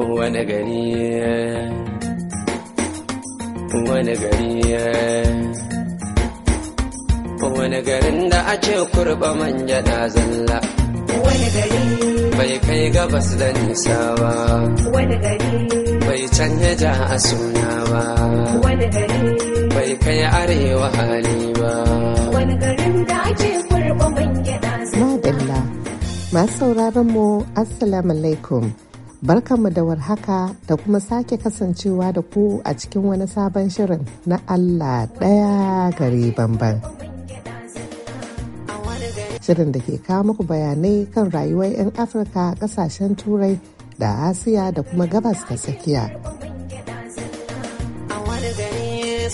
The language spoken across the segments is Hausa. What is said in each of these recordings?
wani gari wani gari wani garin da a ce kurba manja na zalla wani gari bai kai gabas da nisa ba wani gari bai canja ja a suna ba wani gari bai kai arewa hali ba wani garin da a ce kurba manja na zalla masu sauraron mu assalamu alaikum Barkanmu da warhaka da kuma sake kasancewa da ku a cikin wani sabon shirin na Allah ɗaya gari bambam. Shirin da ke kawo muku bayanai kan rayuwar 'yan Afirka ƙasashen Turai da Asiya da kuma gabas ta tsakiya.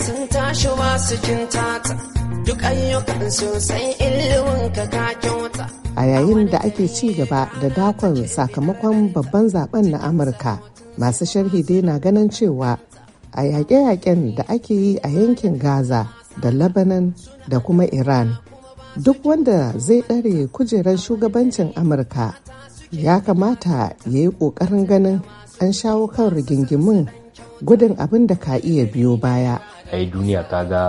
sun tashi wasu jin duk ayyukan sosai illimin ka kyauta a yayin da ake ci gaba da dakon sakamakon babban zaben na amurka masu sharhi dai na ganin cewa a yaƙe-yaƙen da ake yi a yankin gaza da lebanon da kuma iran duk wanda zai ɗare kujerar shugabancin amurka ya kamata ya yi ƙoƙarin ganin an shawo kan rigingimin gudun abin da ka iya biyo baya ai duniya ta ga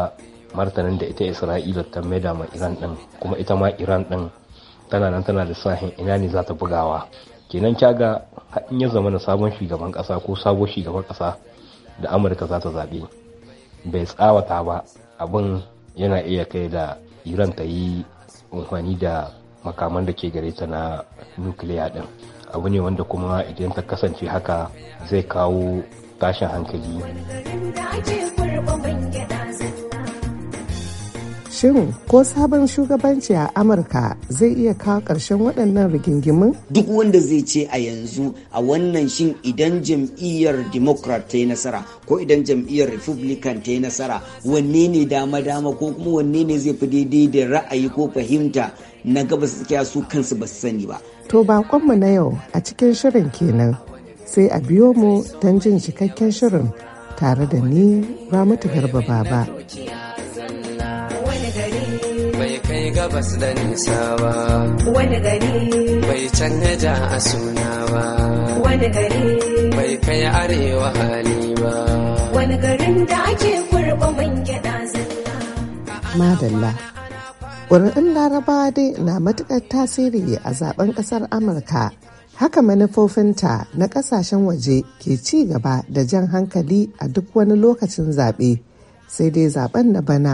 martanin da ita isra'ila ta maida ma iran din kuma ita ma iran din tana nan tana da sahin ina ne za ta bugawa kenan kyaga in ya zama na sabon shugaban kasa ko sabon shugaban kasa da amurka za ta zaɓe bai tsawata ba abin yana iya kai da iran ta yi amfani da makaman da ke gare ta na nukiliya din abu ne wanda kuma idan ta kasance haka zai kawo tashin hankali. Shin ko sabon shugabanci a Amurka zai iya kawo ƙarshen waɗannan rigingimin? Duk wanda zai ce a yanzu a wannan shin idan jam'iyyar Democrat ta yi nasara ko idan jam'iyyar Republican ta yi nasara wanne ne dama-dama ko kuma wanne ne zai fi daidai da ra'ayi ko fahimta na gabas tsakiya su kansu ba su sani ba. To bakonmu na yau a cikin shirin kenan sai a biyo mu don jin cikakken shirin tare da ni Ramatu Garba Baba. basu da nisa ba wani gari bai canja ja a suna ba wani gari bai kai arewa hali ba wani garin da ake kurba man gyada zalla madalla ƙuri'un laraba dai na matuƙar tasiri a zaben ƙasar amurka haka manufofinta na ƙasashen waje ke ci gaba da jan hankali a duk wani lokacin zaɓe sai dai zaɓen na bana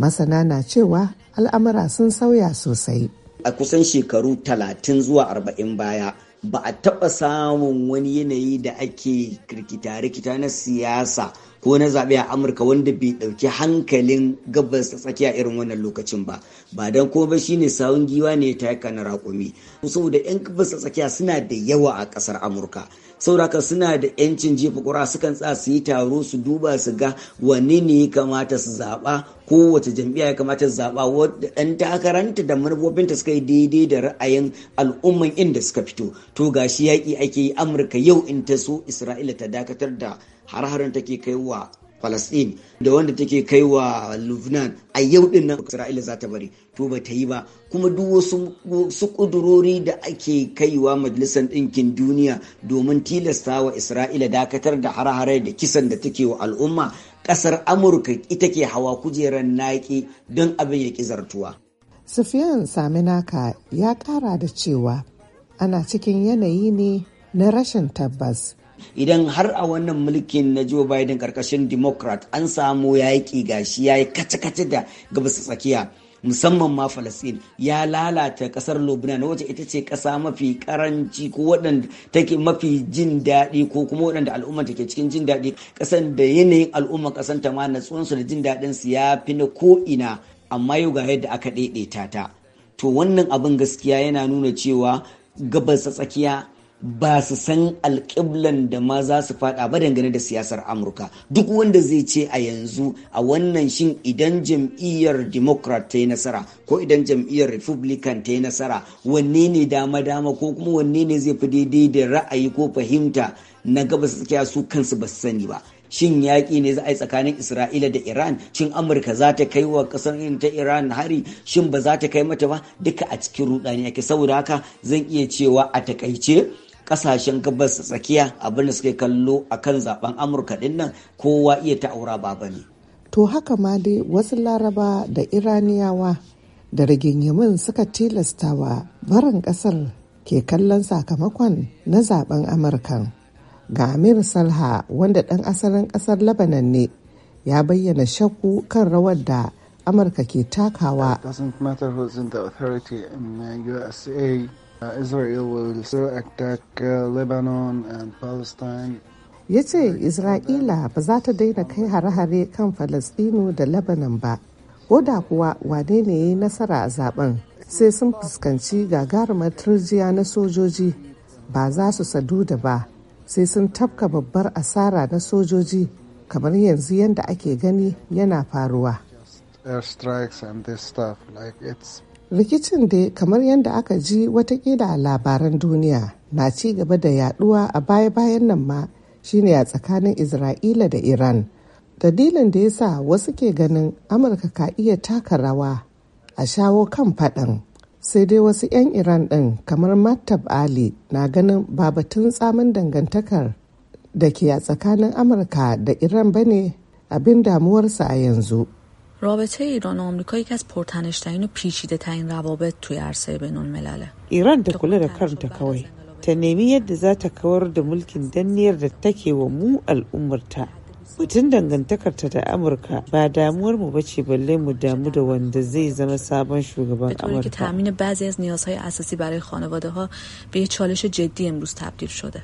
masana na cewa al'amura sun sauya sosai. A kusan shekaru talatin zuwa arba'in baya ba a taɓa samun wani yanayi da ake rikita-rikita na siyasa ko na zaɓe a amurka wanda bai ɗauki hankalin gabas ta tsakiya irin wannan lokacin ba ba don ko ba shine sawun giwa ne ta yaka na raƙumi saboda yan gabas ta tsakiya suna da yawa a ƙasar amurka sauraka suna da yancin jefa ƙura sukan tsa su yi taro su duba su ga wani ne ya kamata su zaɓa ko kowace jam'iyya ya kamata su zaɓa wadda ɗan takaranta da manufofinta suka yi daidai da ra'ayin al'umman inda suka fito to gashi yaƙi ake yi amurka yau in ta so isra'ila ta dakatar da har-harin take kai wa Falasɗin da wanda take kai wa Lubnan a yau din nan Isra'ila za ta bari to ba ta yi ba kuma duk wasu su kudurori da ake kaiwa majalisar ɗinkin duniya domin tilasta wa Isra'ila dakatar da har harai da kisan da take wa al'umma ƙasar Amurka ita ke hawa kujerar naƙi don abin ya ƙi zartuwa. Sufiyan Saminaka ya ƙara da cewa ana cikin yanayi ne na rashin tabbas idan har a wannan mulkin na joe biden karkashin democrat an samu yaƙi gashi ya yi kace-kace da gabas tsakiya musamman ma falastin ya lalata kasar lebanon wacce ita ce kasa mafi karanci ko waɗanda take mafi jin daɗi ko kuma waɗanda al'umma take cikin jin daɗi ƙasan da yanayin al'umma ƙasan ta ma natsuwansu da jin daɗin su ya fi na ko'ina amma yau ga yadda aka ɗaiɗaita ta to wannan abin gaskiya yana nuna cewa gabas tsakiya ba su san alƙiblan da ma za su faɗa ba dangane da siyasar amurka duk wanda zai ce a yanzu a wannan shin idan jam'iyyar democrat ta yi nasara ko idan jam'iyyar republican ta yi nasara wanne ne dama-dama ko kuma wanne ne zai fi daidai da ra'ayi ko fahimta na gabas tsakiya su kansu ba su sani ba shin yaƙi ne za a yi tsakanin isra'ila da iran shin amurka za ta kai wa ƙasar ta iran hari shin ba za ta kai mata ba duka a cikin rudani ake saboda haka zan iya cewa a takaice kasashen gabas tsakiya abin da suke kallo akan zaben amurka din nan kowa iya ta'aura ba ba ne. to haka ma dai wasu laraba da iraniyawa da rigingimin suka tilastawa barin kasar ke kallon sakamakon na zaben amurka ga amir salha wanda ɗan asalin ƙasar labanan ne ya bayyana shakku kan rawar da amurka ke takawa Uh, uh, ya ce isra'ila ba za ta daina kai hare-hare kan Falasdino da lebanon ba ko da kuwa wane ne ya yi nasara a zaben sai sun fuskanci gagarumar turjiya na sojoji ba za su sadu da ba sai sun tafka babbar asara na sojoji kamar yanzu yadda ake gani yana faruwa rikicin da kamar yadda aka ji watakila a labaran duniya na ci gaba da yaduwa a baya-bayan nan ma shine a tsakanin isra'ila da iran dalilin da ya sa wasu ke ganin amurka ka iya taka rawa a shawo kan faɗan sai dai wasu 'yan iran ɗin kamar mattab ali na ganin babatun tsamin dangantakar da ke a tsakanin amurka da iran bane abin damuwarsa a yanzu رابطه ایران و آمریکا یکی از پرتنشترین و پیچیده ترین روابط توی عرصه بین ملله. ایران در کل کرم تکوی تنمیه ده زا تکور ده ملکن تکی و مو الامر تا متن دنگنتکر تا ده امریکا با دامور مو بچی بله مو دامو ده وندزی زم سابان شوگبان امریکا که تامین بعضی از نیازهای اساسی برای خانواده ها به چالش جدی امروز تبدیل شده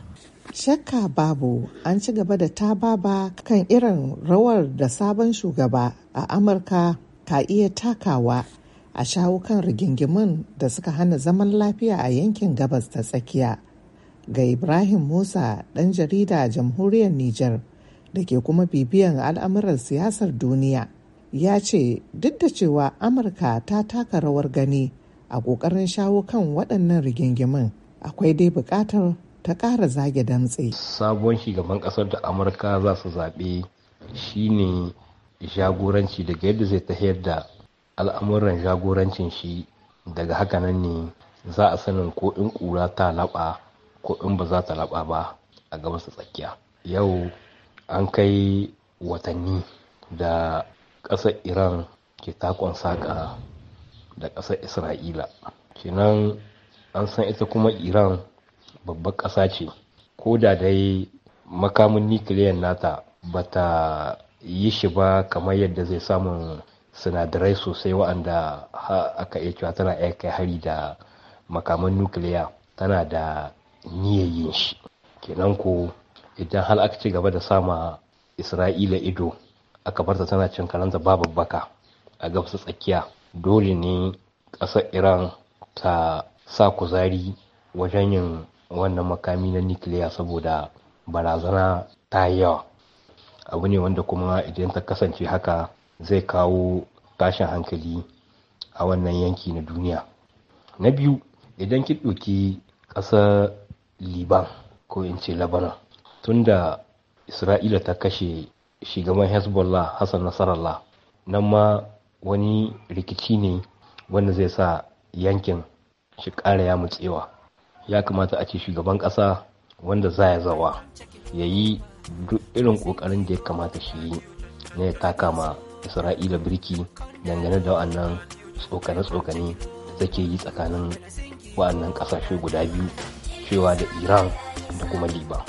Shakka babu an ci gaba da ta baba kan irin rawar da sabon shugaba a Amurka ka iya takawa a shawo kan rigingimun da suka hana zaman lafiya a yankin gabas ta tsakiya. Ga Ibrahim Musa ɗan jarida a jamhuriyar Nijar da ke kuma bibiyan al'amuran siyasar duniya ya ce duk da cewa Amurka ta taka rawar gani a ƙoƙarin shawo kan waɗannan rigingimin akwai dai buƙatar ta ƙara zage damtse. Sabon shugaban ƙasar da Amurka za su zaɓe shine jagoranci daga yadda zai tafiyar da al'amuran jagorancin shi daga haka nan ne za a sanin ko in ƙura ta laɓa ko in ba za ta laɓa ba a su tsakiya. Yau an kai watanni da ƙasar Iran ke takon saƙa da ƙasar Isra'ila. Kenan an san ita kuma Iran babbar ƙasa ce ko da dai makamin nukiliyan nata bata yi shi ba kamar yadda zai samu sinadarai sosai waɗanda aka iya cewa tana iya kai hari da makaman nukiliya tana da niyayyin shi kenan ko idan har aka ci gaba da sama isra'ila ido aka barta tana cin karanta babu baka a gabsa tsakiya dole ne ƙasar iran ta sa kuzari wajen yin wannan makami na nukiliya saboda barazana ta yawa abu ne wanda kuma idan ta kasance haka zai kawo tashin hankali a wannan yanki na duniya na biyu idan ki ɗauki ƙasar liban ko in ce labanan tunda isra'ila ta kashe shugaban hezbollah hassan nasarallah nan ma wani rikici ne wanda zai sa yankin shi ƙara ya mutsewa ya kamata a ce shugaban ƙasa wanda za ya zawa ya yi duk irin ƙoƙarin da ya kamata shi yi na ya taka ma isra'ila birki dangane da wa'annan tsokane-tsokane da take yi tsakanin wa'annan ƙasashe guda biyu cewa da iran da kuma liba.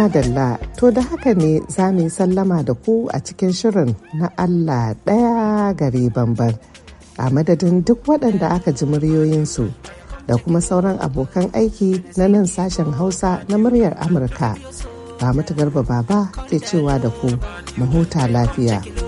Madalla, to da haka ne za mu yi sallama da ku a cikin shirin na Allah ɗaya gari bamban a madadin duk waɗanda aka ji muryoyinsu da kuma sauran abokan aiki na nan sashen Hausa na muryar Amurka. Ba mutu garba baba ke cewa da ku mu huta lafiya.